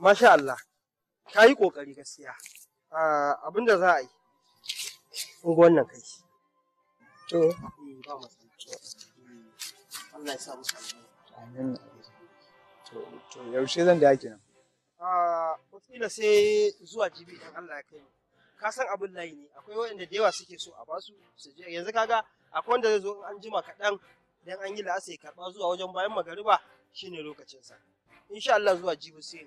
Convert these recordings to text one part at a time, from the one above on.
Masha Allah, ka yi ƙoƙari gaskiya. Ah, abin da za a yi, in wannan kai. To, eh, ba Allah ya sa musu Amin. To, yaushe zan da nan? Ah, Wataƙila sai zuwa jibi idan Allah ya kai. Ka san abin layi ne, akwai waɗanda da yawa suke so a basu su je. Yanzu kaga akwai wanda zai zo in an jima kaɗan dan an yi la'asa ya karɓa zuwa wajen bayan magariba shine lokacinsa. Insha Allah zuwa jibi sai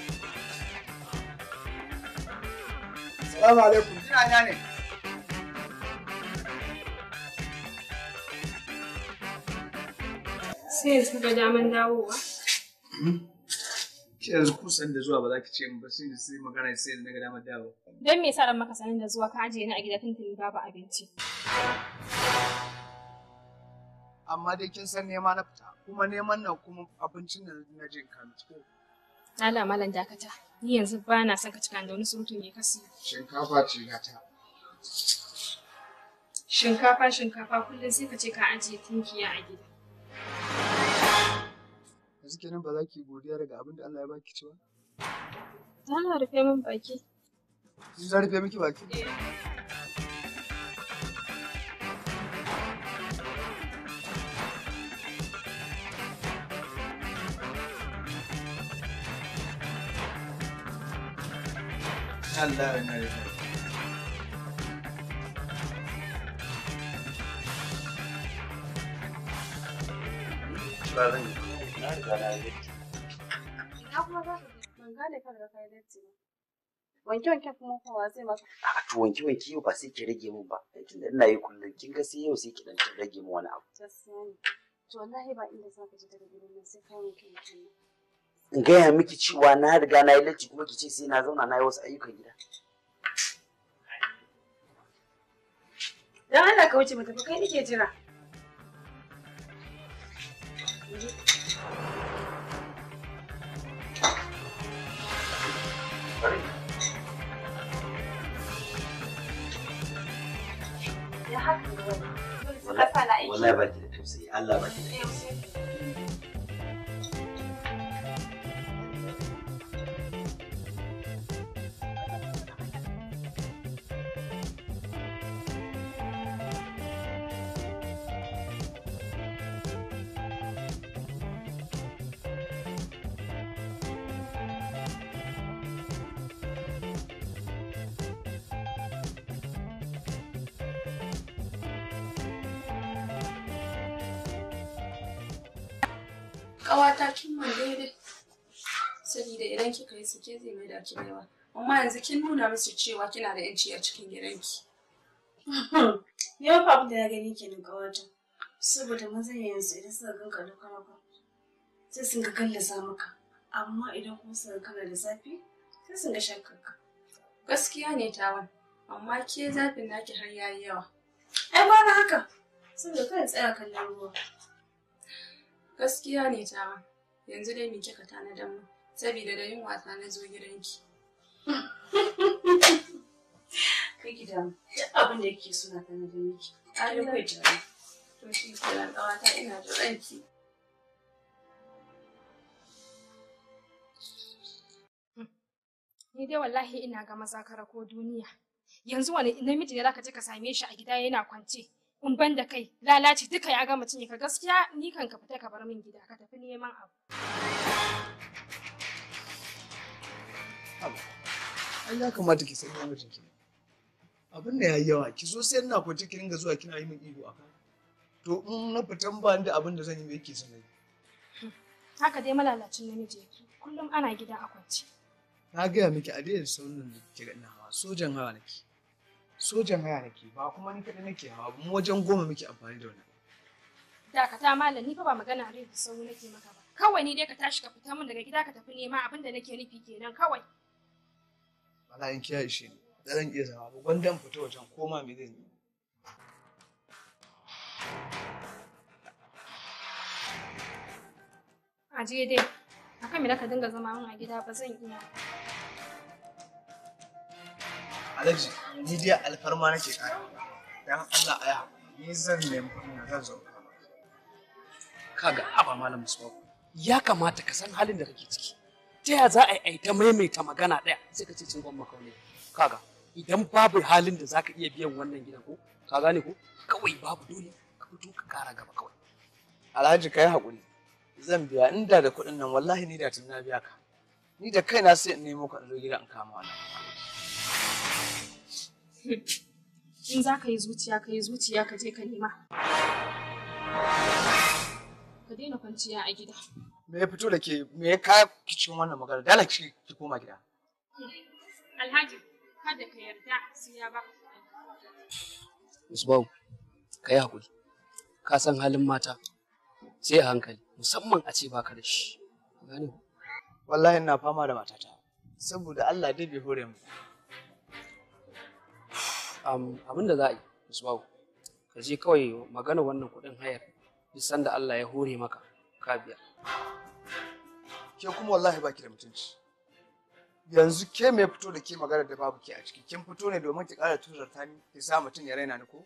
Salamu alaikum. Ina ina ne. Sai su ga daman dawowa. Ki hmm? yanzu kusan da zuwa ba za ki ce min ba sai da sai magana sai da na ga damar dawo. Don me sa ran maka sanin da zuwa ka ajiye ni a gida tuntuni babu abinci. Amma dai kin san nema na fita kuma neman nan kuma abincin da na jin kan cikin Allah malam dakata. Ni yanzu ba na son ka cika da wani surutun ne kasu. Shinkafa ce ta. Shinkafa shinkafa kullum sai ka ce ka ajiye tunkiya a gida. Yanzu kenan ba za ki godiya daga abin da Allah ya baki ci ba? na rufe min baki. Zan rufe miki baki? Eh. Allah na da Ba Wanke wanke kuma kowa zai maka. A to wanke wanke yau ba sai ki rage min ba. Tunda ina yi kullum kin ga sai yau sai ki dan rage min wani abu. Gaskiya To wallahi ba inda za ka ji daga gidan nan sai kai wanke wanke. in gaya miki cewa na riga na yi lacci kuma ki ce sai na zauna na yi wasu ayyukan gida. Don Allah ka wuce mu tafi kai nake jira. Ya haka ne wani. Wallahi ba ki da tausayi, Allah ba ki da tausayi. ƙawata kin mun daidai saboda idan kika yi suke zai mai da ki yawa amma yanzu kin nuna musu cewa kina da yanci a cikin gidanki yau fa da ya gani ke kenan ƙawata saboda mazan yanzu idan suka ganka da kwanafa sai sun ga kallasa maka amma idan kuma suka kana da zafi sai sun ga shakkarka gaskiya ne tawan amma ke zafin naki har yayi yawa ai ba haka saboda kada tsaya kallon ruwa Gaskiya ne tawa. Yanzu dai me kika tanadar mu? Sabida da yunwa ta na zo gidanki. Kai gida, abin da yake suna tanadar miki. Ai kai jira. To shi kiran ƙawata ina da ranki Ni dai wallahi ina ga maza kara ko duniya. Yanzu wani namiji ne zaka je ka same shi a gida yana kwance. Kumban da kai lalaci duka ya gama cinye ka gaskiya ni kan ka fita ka bar min gida ka tafi neman abu ai ya kamata ki san yawa ki? abin da yayi yawa ki so sai ina kwace ki ringa zuwa kina yi min ido akan to in na fitan ba da abin da zan yi me yake sanai haka dai malalacin namiji yake kullum ana gida a kwance na gaya miki a daidai sauran da kira ina hawa sojan hawa nake sojan haya nake ba kuma ni kaɗai nake hawa mu wajen goma muke amfani da wannan. Dakata malam ni fa ba magana har da sauri nake maka ba. Kawai ni dai ka tashi ka fita min daga gida ka tafi nema abin da nake nufi kenan kawai. Bala in kiyaye shi da zan iya zama ba gwandan fita wajen koma me zan yi. Ajiye dai akan me da ka dinga zama min a gida ba zan iya. Alhaji ni dai alfarma nake kare dan Allah aya ni zan nemi kuɗi zan zo kaga aba malam Musa ya kamata ka san halin da kake ciki ta ya za a yi ta maimaita magana ɗaya sai ka ce cin gwamma kaune kaga idan babu halin da zaka iya biyan wannan gidan ko ka gane ko kawai babu dole ka fito ka kara gaba kawai alhaji kai hakuri zan biya inda da kuɗin nan wallahi ni da tun na biya ka ni da kaina sai in nemo ka zo gidan in kama wannan in za ka yi zuciya ka yi zuciya ka je ka nema ka daina kwanciya a gida me ya fito da ke me ya kaya cikin wannan magana dala ki ki koma gida alhaji kada ka yarda sai ya baka Musbau ka yi hakuri ka san halin mata sai a hankali musamman a ce baka da shi wallahi ina fama da matata saboda Allah dai bai hore mu abin da za a yi musbahu ka je kawai magana wannan kuɗin hayar duk da Allah ya hore maka ka biya ke kuma wallahi baki da mutunci yanzu ke mai fito da ke magana da babu ke a ciki kin fito ne domin ki ƙara tuzarta ni ki sa mutum ya raina ni ko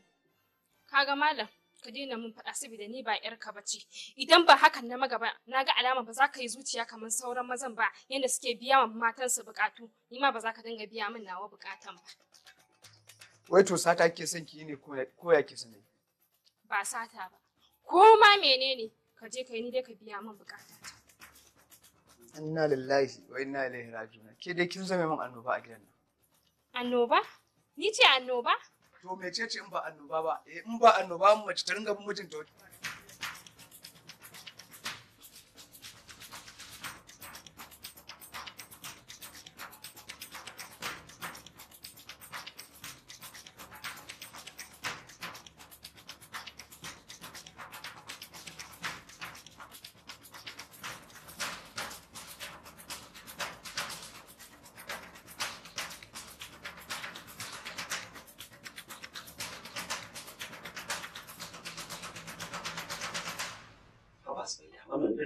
kaga malam ka daina mun faɗa saboda ni ba yarka ba ce idan ba hakan na magaba na ga alama ba za ka yi zuciya kamar sauran mazan ba yadda suke biya wa matansu bukatu ni ma ba za ka dinga biya min nawa bukatan ba wai to sata ke son ki ne ko ya ke sanai ba sata ba ko ma menene ka je kai ni dai ka biya min bukata inna lillahi wa inna ilaihi raji'un ke dai kin zama min annoba a gidan nan annoba ni ce annoba to ce in ba annoba ba eh, in ba annoba mace ta ringa mutunta wata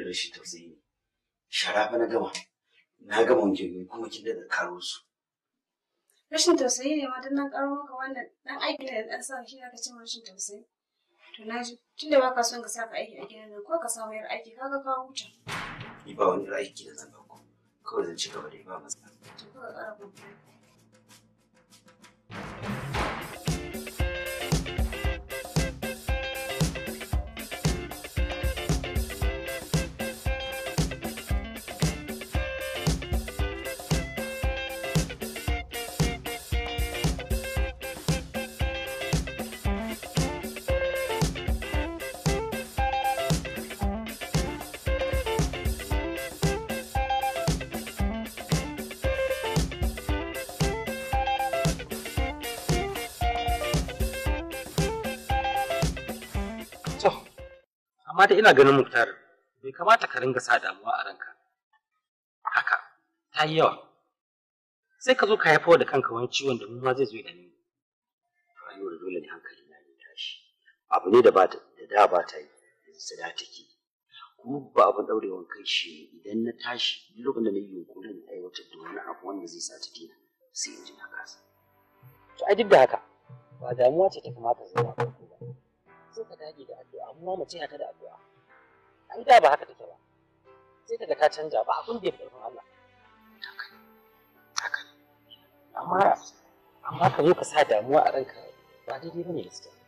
rashin tausayi ne shara na gama na gama wanke kuma kin da karo su rashin tausayi ne ma dan nan karo maka wannan dan aiki da dan sa shi ka ce rashin tausayi to na ji tunda ba ka son ka saka aiki a gidan nan ko ka samu yar aiki kaga ka huta ni ba wani aiki da zan ba ku kawai zan ci gaba da ba masa to ka ƙara amma da ina ganin muktar bai kamata ka ringa sa damuwa a ranka haka ta yi yawa sai ka zo ka haifar da kanka wani ciwon da ma zai zo da ni rayuwar dole ne hankali na ya tashi abu ne da ba da da ba ta yi yanzu da take kuma ba abu daurewan kai shi idan na tashi duk lokacin da na yi yunkurin aiwatar da wani abu wanda zai sa ta dina sai in ji na kasa to a duk da haka ba damuwa ce ta kamata zai ba sai ka dage da addu'a amma mace taya ka da addu'a ai da ba haka take ba sai kaga ta canja ba abin da ya karfin Allah amma amma ka zo ka sa damuwa a ranka ba daidai bane gaskiya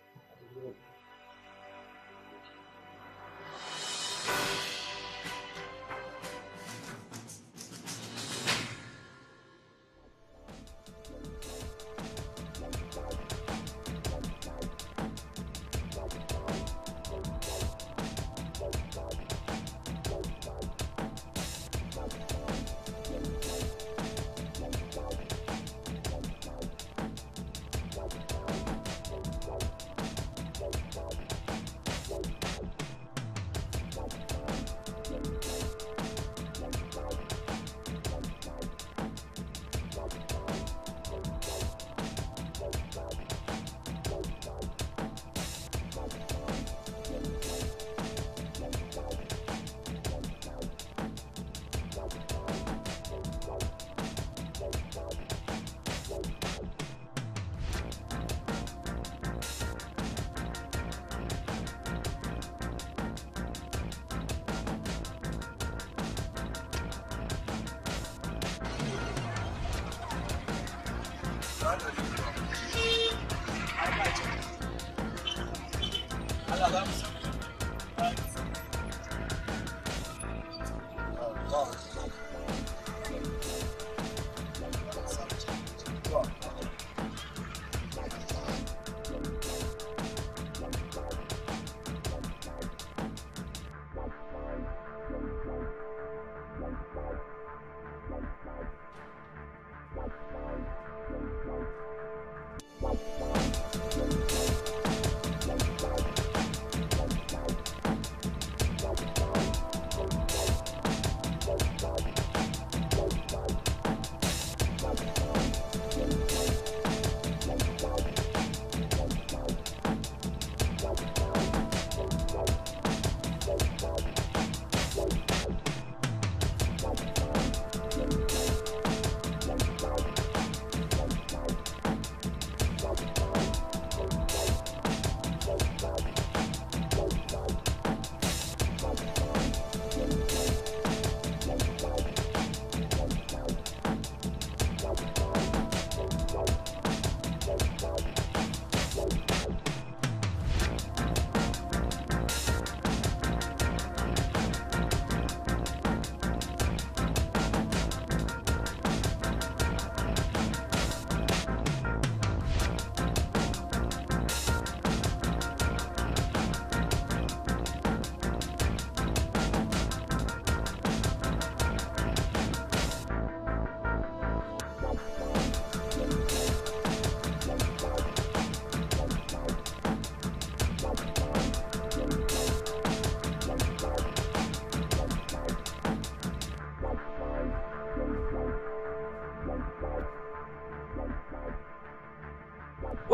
Allah za mu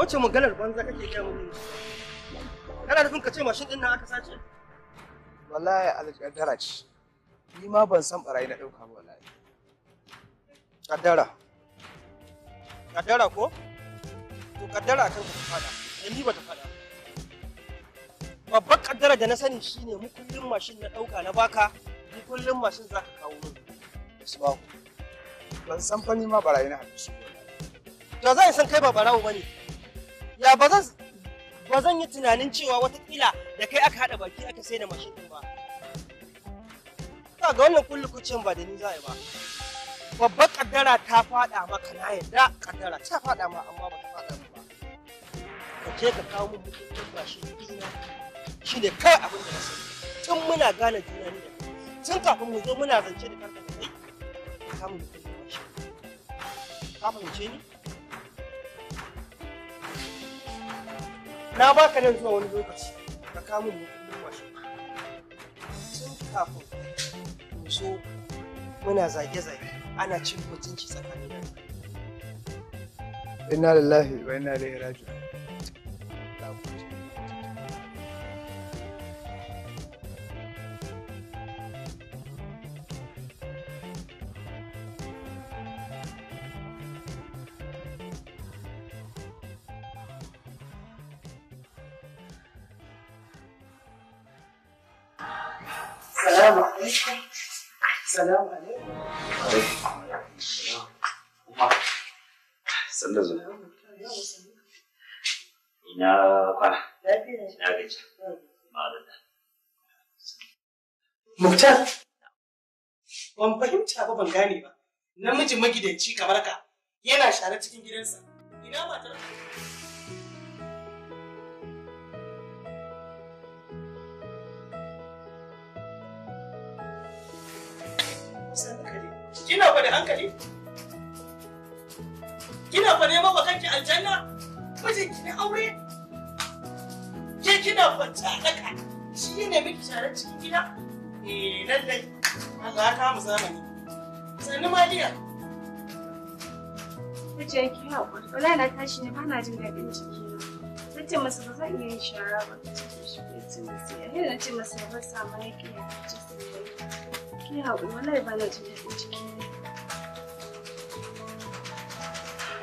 wace maganar banza kake kai mu kana nufin ka ce mashin din nan aka sace wallahi alƙaddara ce ni ma ban san barayi na ɗauka ba wallahi kaddara kaddara ko to kaddara kan ka fada dan ni ba ta fada babbar kaddara da na sani shine mu kullun mashin na ɗauka na baka ni kullum mashin zaka kawo min isma'u ban san fa ni ma barayi na hadisu ba to zai san kai ba barawo bane ya ba zan ba zan yi tunanin cewa watakila da kai aka haɗa baki aka sai da mashin ɗin ba. Ina ga wannan kullukucin ba da ni za ba. Babbar kaddara ta faɗa maka na yadda kaddara ta faɗa ma amma ba ta faɗa ba. Ka je ka kawo min mutuncin mashin ɗina shi ne kai abin da na sani. Tun muna gane juna ne tun kafin mu zo muna zance da karka da kai ka kamun mutuncin mashin. Ka fahimce ni? na baka nan zuwa wani lokaci ka kamun mutum washe tun kafin mu so muna zage-zage ana cin mutunci tsakanin inna lillahi wa inna ilaihi raji'un Ina Muktar. Ban ba ban gane ba. Namiji magidanci kamar ka yana share cikin gidansa. kina fa da hankali kina fa neman wa kanki aljanna mijin ki ne aure ke kina fa tsadaka shi ne miki sharar cikin gida eh lallai Allah ya kama zamani sannu dia Kuce ki haƙuri, wala na tashi ne ba na jin daɗin ciki na. masa ba zan iya yin shara ba, ta shi ne ce masa ya. Na ce masa ba sa ki ya sai ki haƙuri, wala ba na jin daɗin ciki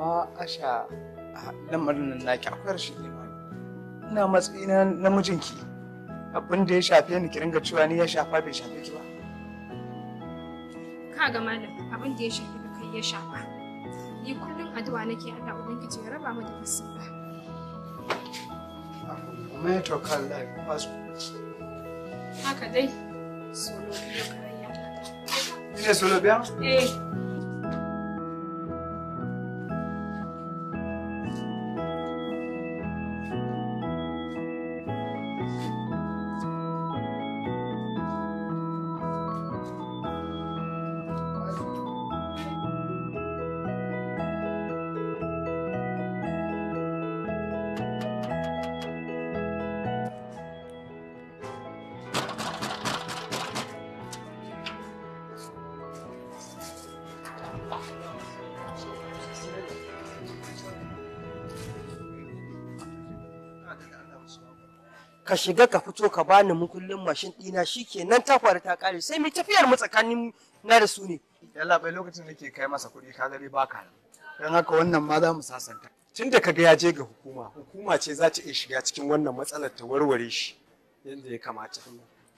amma asha a lamarin nan naki akwai rashin imani ina matsayina na mijinki abin da ya shafe ni ki ringa cewa ni ya shafa bai shafe ki ba ka ga malam abin da ya shafe ni, kai ya shafa ni kullum addu'a nake Allah ubangiji ya raba mu da musiba mai to kan ba su. haka dai solo biya karayya ne solo biya eh ka shiga ka fito ka bani mukullin mashin ɗina shi ta faru ta kare sai mu tafiyar mu tsakanin na da su ne yalla bai lokacin da ke kai masa kuɗi ka gari baka don haka wannan ma za mu sasanta tun da kaga ya je ga hukuma hukuma ce za ta iya shiga cikin wannan matsalar ta warware shi yadda ya kamata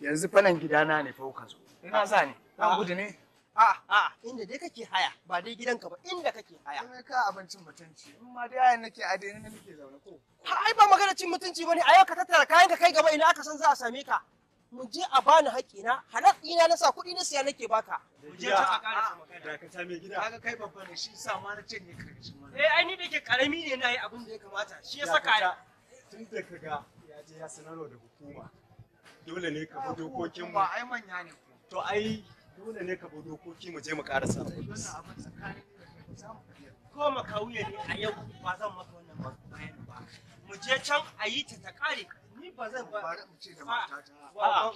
yanzu fanan gidana ne fa ka zo ina za ne an gudu ne A inda dai kake haya ba dai gidanka ba inda kake haya. Kuma ka abincin mutunci in ma dai haya nake a dai nake zaune ko. Ai ba magana cin mutunci bane a yau ka tattara kayan ka kai gaba ina aka san za a same ka. Mu je a bani haƙƙi na. ɗina na na sa kuɗi na siya nake baka. Mu je ta a ƙara magana. Dakata mai gida. Kaga kai babba ne shi sa ma na cinye karshen wannan. Eh ai ni da ke karami ne na yi abin da ya kamata shi ya saka ni. Tun da ka ga ya je ya sanarwa da hukuma. Dole ne ka bi dokokin mu. ai manya ne. To ai dole ne ka bi dokoki mu je mu karasa ko makawuye ne a yau ba zan maka wannan ba mu je can a yi ta ta ni ba zan ba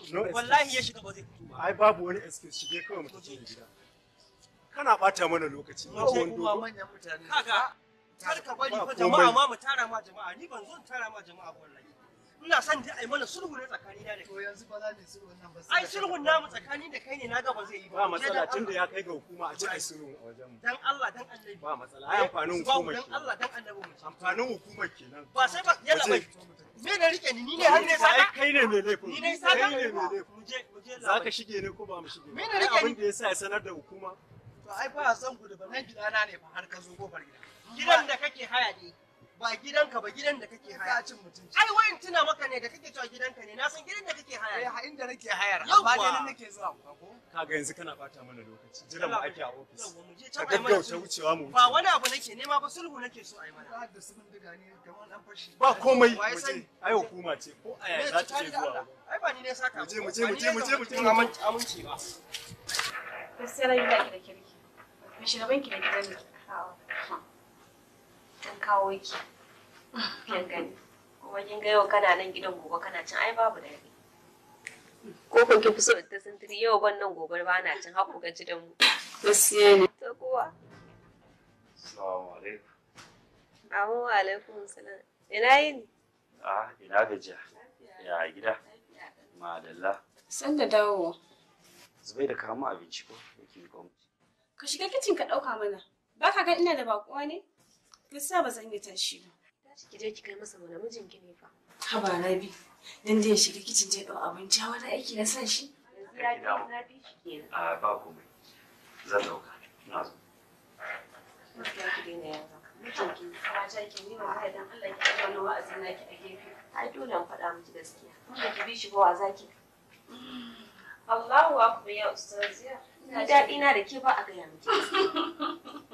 wallahi ya shiga ba zai fito ba ai babu wani excuse shige kawai mu tafi gida kana bata mana lokaci mu je uwa manyan mutane kaga kar ka bari fa jama'a ma mu tara ma jama'a ni ban zo tara ma jama'a wallahi ina son dai ai mana sulhu ne tsakani da kai. yanzu ba za mu sulhu nan ba. Ai sulhun namu tsakani da kai ne na gaba zai yi ba. Ba matsala tunda ya kai ga hukuma a ci ai sulhu a wajen mu. Dan Allah dan Annabi. Ba matsala ai amfanin hukuma shi. Dan Allah dan Annabi mu. Amfanin hukumar kenan. Ba sai ba yalla bai. Me ne rike ni ni ne har ne ai kai ne mai laifin. Ni ne sai kai ne mai laifin. Mu je mu je Za ka shige ne ko ba mu shige. Me ne rike ni. Abin da yasa ya sanar da hukuma. To ai ba zan gudu ba nan gidana ne ba har ka zo kofar gida. Gidan da kake haya ne. ba gidanka ba gidan da kake haya. cin mutunci. Ai wayin tuna maka ne da kake cewa gidanka ne, na san gidan da kake haya. Eh, ha inda nake hayar, amma dai nan nake zuwa ko. Kaga yanzu kana bata mana lokaci. jira mu ake a office. Yawwa mu je can ai mana. Ka wucewa mu. Ba wani abu nake nema ba sulhu nake so ai mana. Ba da mun daga ne kamar an fashi. Ba komai. Ai hukuma ce ko aya za ta ce zuwa. Ai ba ni ne saka. Mu je mu je mu je mu je mu je aminci ba. sai rayuwa ki da kirki. Mu ne da ni ha an kawo ki kin gani kuma kin ga yau kana nan gidan gobe kana cin ai babu daɗi ko kun ki fi so ta sintiri yau ban nan gobe ba na cin haku ga gidan mu gaskiya ne ta kowa assalamu alaikum amu alaikum salam ina yini ah ina gajiya ya gida madalla san da dawowa zubai da kamu abinci ko yake ko ka shiga kicin ka ɗauka mana ba ka ga ina da bakuwa ne sa ba zan iya tashi ba. Ki je ki kai masa mana mijinki ne fa. Haba Rabi, dan da ya shiga kicin je ɗau abinci a wani aiki na sa shi. A ba komai. Zan ɗauka. Ina zo. daina Allah faɗa miki gaskiya. ki bi zaki. Allahu akbar ya ustaziya. Ina daɗi na da ke ba a gaya miki.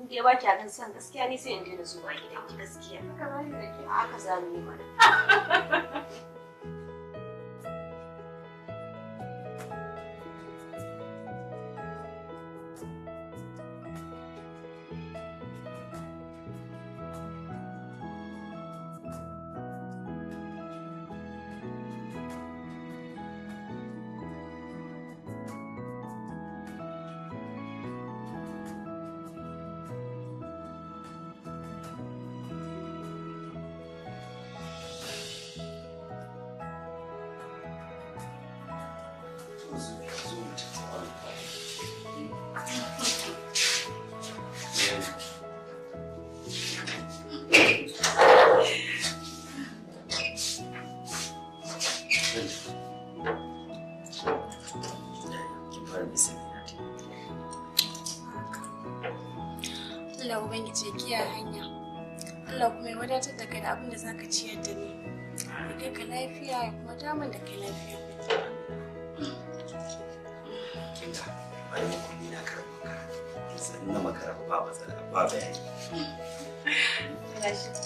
in dai ba kya gan san gaskiya ni sai in daina zuwa gidanki gaskiya haka za mu yi mana da abin da zaka ciyar da ni ya kai ka lafiya ya kuma damar da kai lafiya kinga bayan na karɓar karatu na makara ba matsala ba bayani hmm.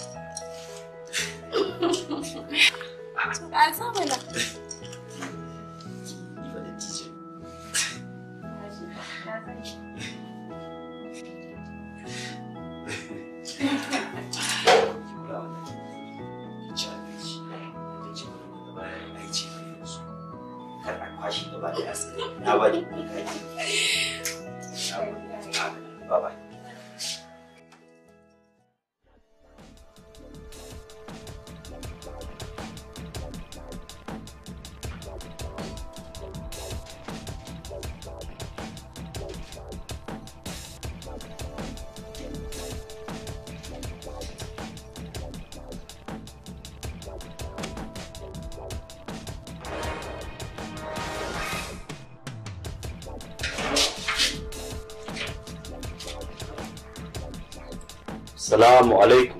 拜拜。السلام علیکم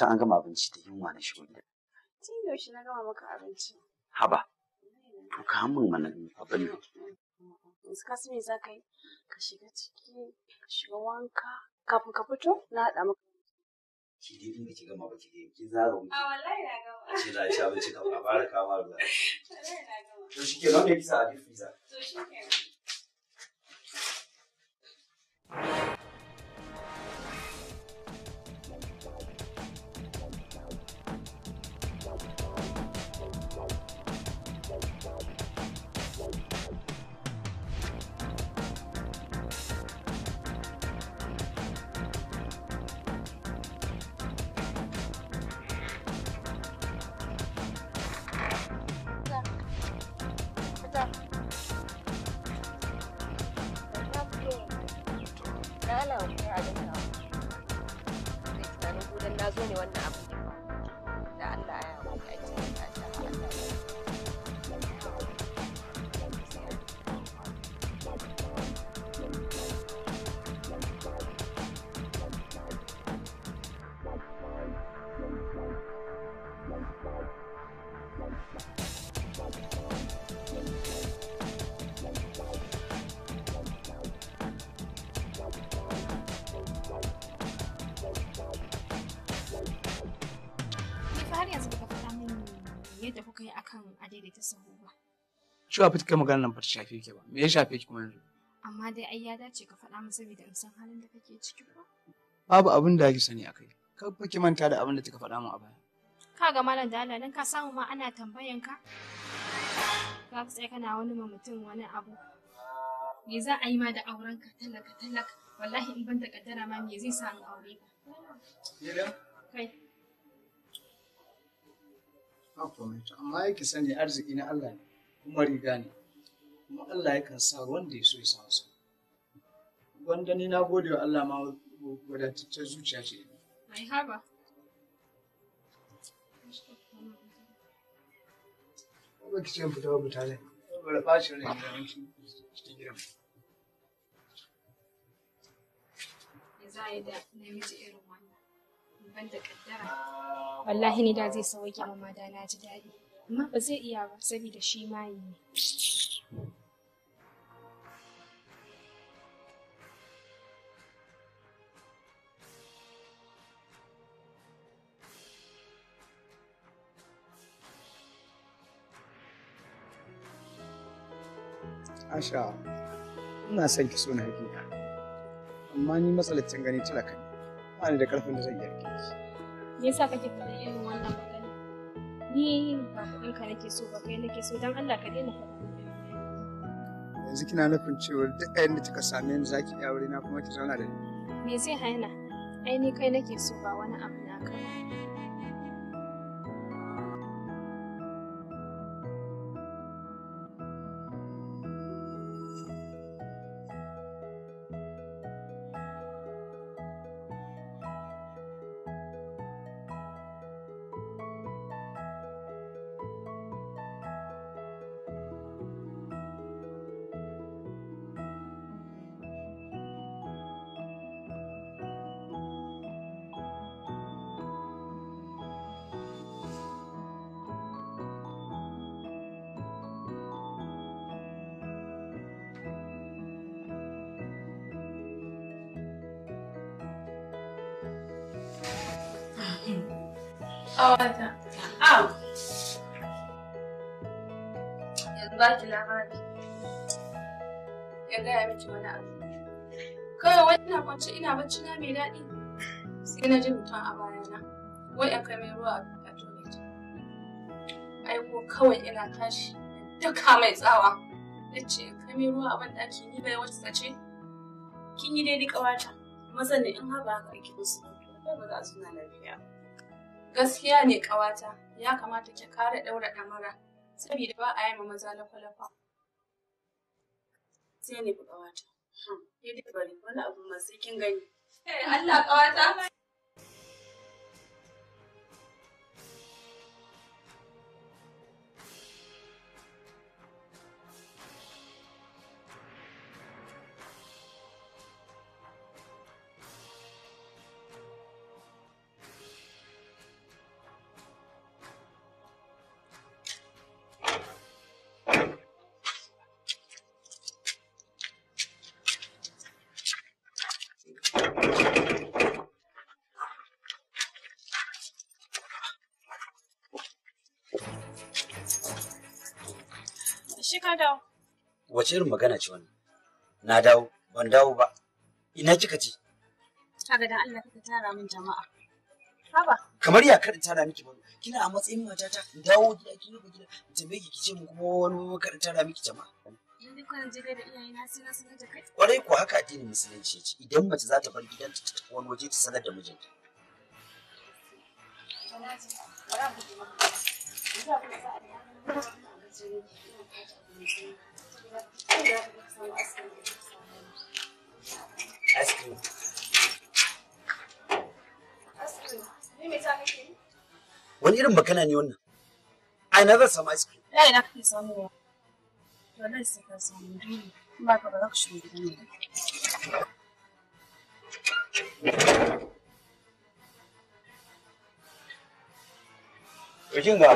fatan an gama abinci da yunwa na shigo wanda. Tun yaushe na gama maka abinci. Haba. To ka min mana abin nan. Yanzu ka me za ka yi? Ka shiga ciki, ka shiga wanka, kafin ka fito na haɗa maka. Ki dai gama ba ki dai ki zara A wallahi na gama. ci abinci fara ruwa. Wallahi na gama. To a To da kuka yi akan adaidaita sahu ba. Cewa fit kai magana nan ba ta shafe ki ba. Me ya shafe ki kuma yanzu? Amma dai ai ya dace ka faɗa masa saboda in san halin da kake ciki ba. Babu abin da ake sani akai. Ka fa ki manta da abin da kika faɗa min a baya. Ka ga malam da Allah ka samu ma ana tambayan ka. Za ka tsaya kana wani ma mutum wani abu. Me za a yi ma da aurenka talaka talaka wallahi in ban da kaddara ma me zai samu aure ka. Kai. ba komai to amma yake sani arziki na Allah ne kuma riga ne kuma Allah ya sa wanda ya so ya samu sa wanda ni na gode wa Allah ma wadataccen zuciya ce ai haba ba ki ce fita ba mutane? ne ba da ɓacin da cikin gidan za a yi da namiji irin ban da kaddara wallahi ni da zai sauke amma da na ji daɗi amma ba zai iya ba saboda shi ma yi ne Asha, ina son ki so na hakika, amma ni matsalacin gani talaka ne. ba da karfin da zan yi yarki. me yasa kake faɗa irin wannan magana ni ba kuɗin ka nake so ba kai nake so dan Allah ka daina faɗa yanzu kina nufin cewa duk ɗayan da kika same ni zaki iya aure na kuma ki zauna da ni me zai haina ai ni kai nake so ba wani abu na kama. Wace ina bacci na mai daɗi sai na ji mutum a bayana wai an mai ruwa a toilet aiko kawai ina tashi duka mai tsawa na ce kai mai ruwa a ban ɗaki ni bai wata tace. kin yi daidai ƙawata mazan in haɓa haka ake musu ba za su na lafiya gaskiya ne kawata ya kamata ki kare ɗaura ɗamara sabida ba a yi ma maza lafa-lafa sai ne ku ƙawata Ni dai wani abu ma sai kin gani. Eh, Allah ƙawata. wace irin magana ce wani na dawo ban dawo ba ina kika ji kaga dan Allah kika tara min jama'a haba kamar ya karin tara miki ba kina a matsayin matata dawo gida ki rufe gida ta tambaye ki ce mu kuma wani karin tara miki jama'a in duk kan da iyaye na sai na sanar da kai kwarai ko haka addinin musulunci ce idan mace za ta bar gidanta ta tafi wani waje ta sanar da mijinta Thank you. Wani irin bakana ne wannan? A ina zan samu ice cream? Ya ina kake samu wa. Wallahi sai ka samu dole. Ba ka ba za ka shigo gidan ne. Kin ga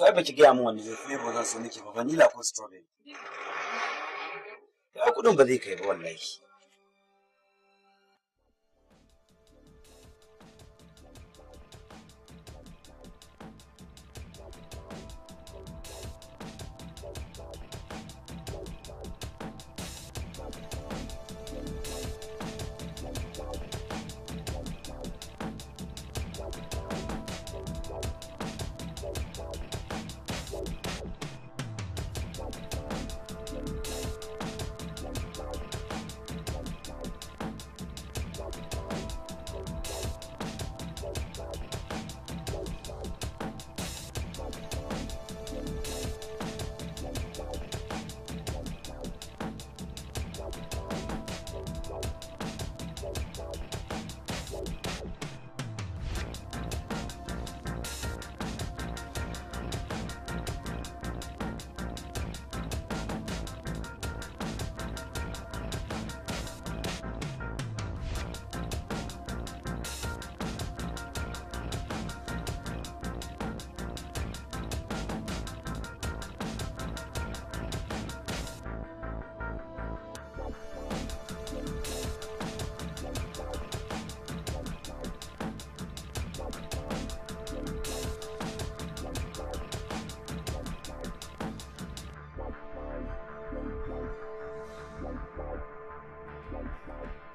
To ai baki gaya mun wani zai ba zan so nake ba vanilla ko strawberry. Ya kudin ba zai kai ba wallahi. Thank you.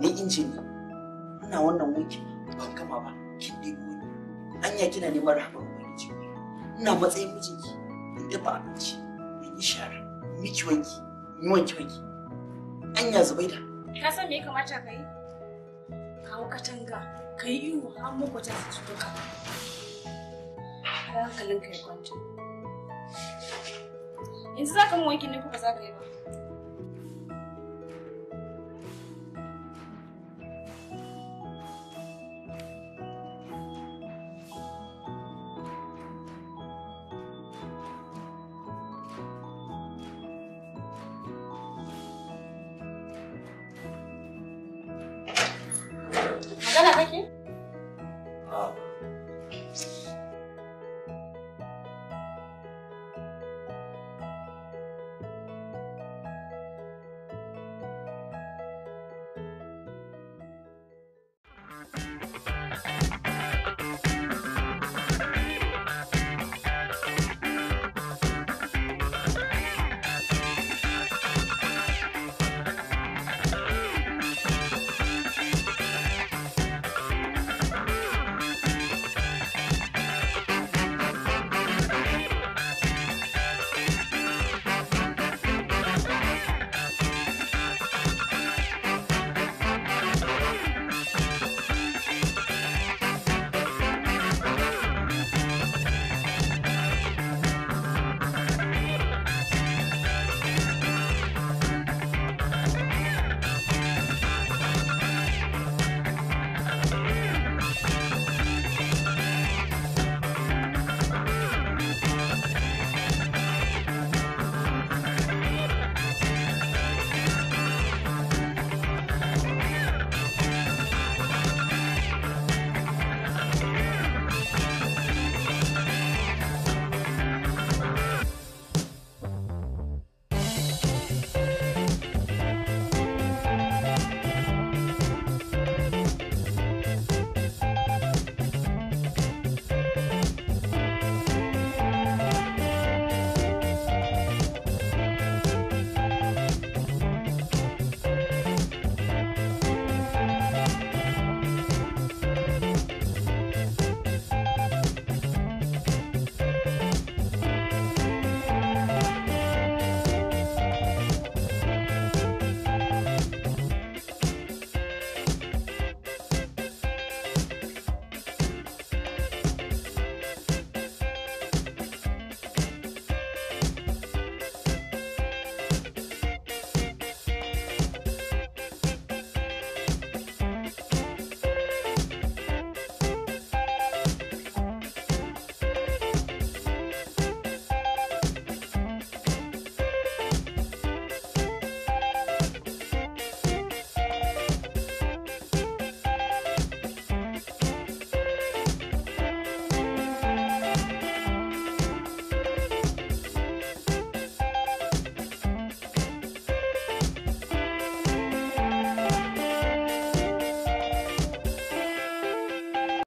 ni inji wannan wiki ban gama ba kin ɗebo ni anya kina neman rahama ina matsayin mijinki in dafa abinci in yi shara in yi ciwanki in yi wanki wanki anya zubaida ka san me ya kamata ka yi kawo katanga ka yi ihu har makwata su ci hankalin hankalinka ya kwanta yanzu za ka mu wanki ne ko ba za ka yi ba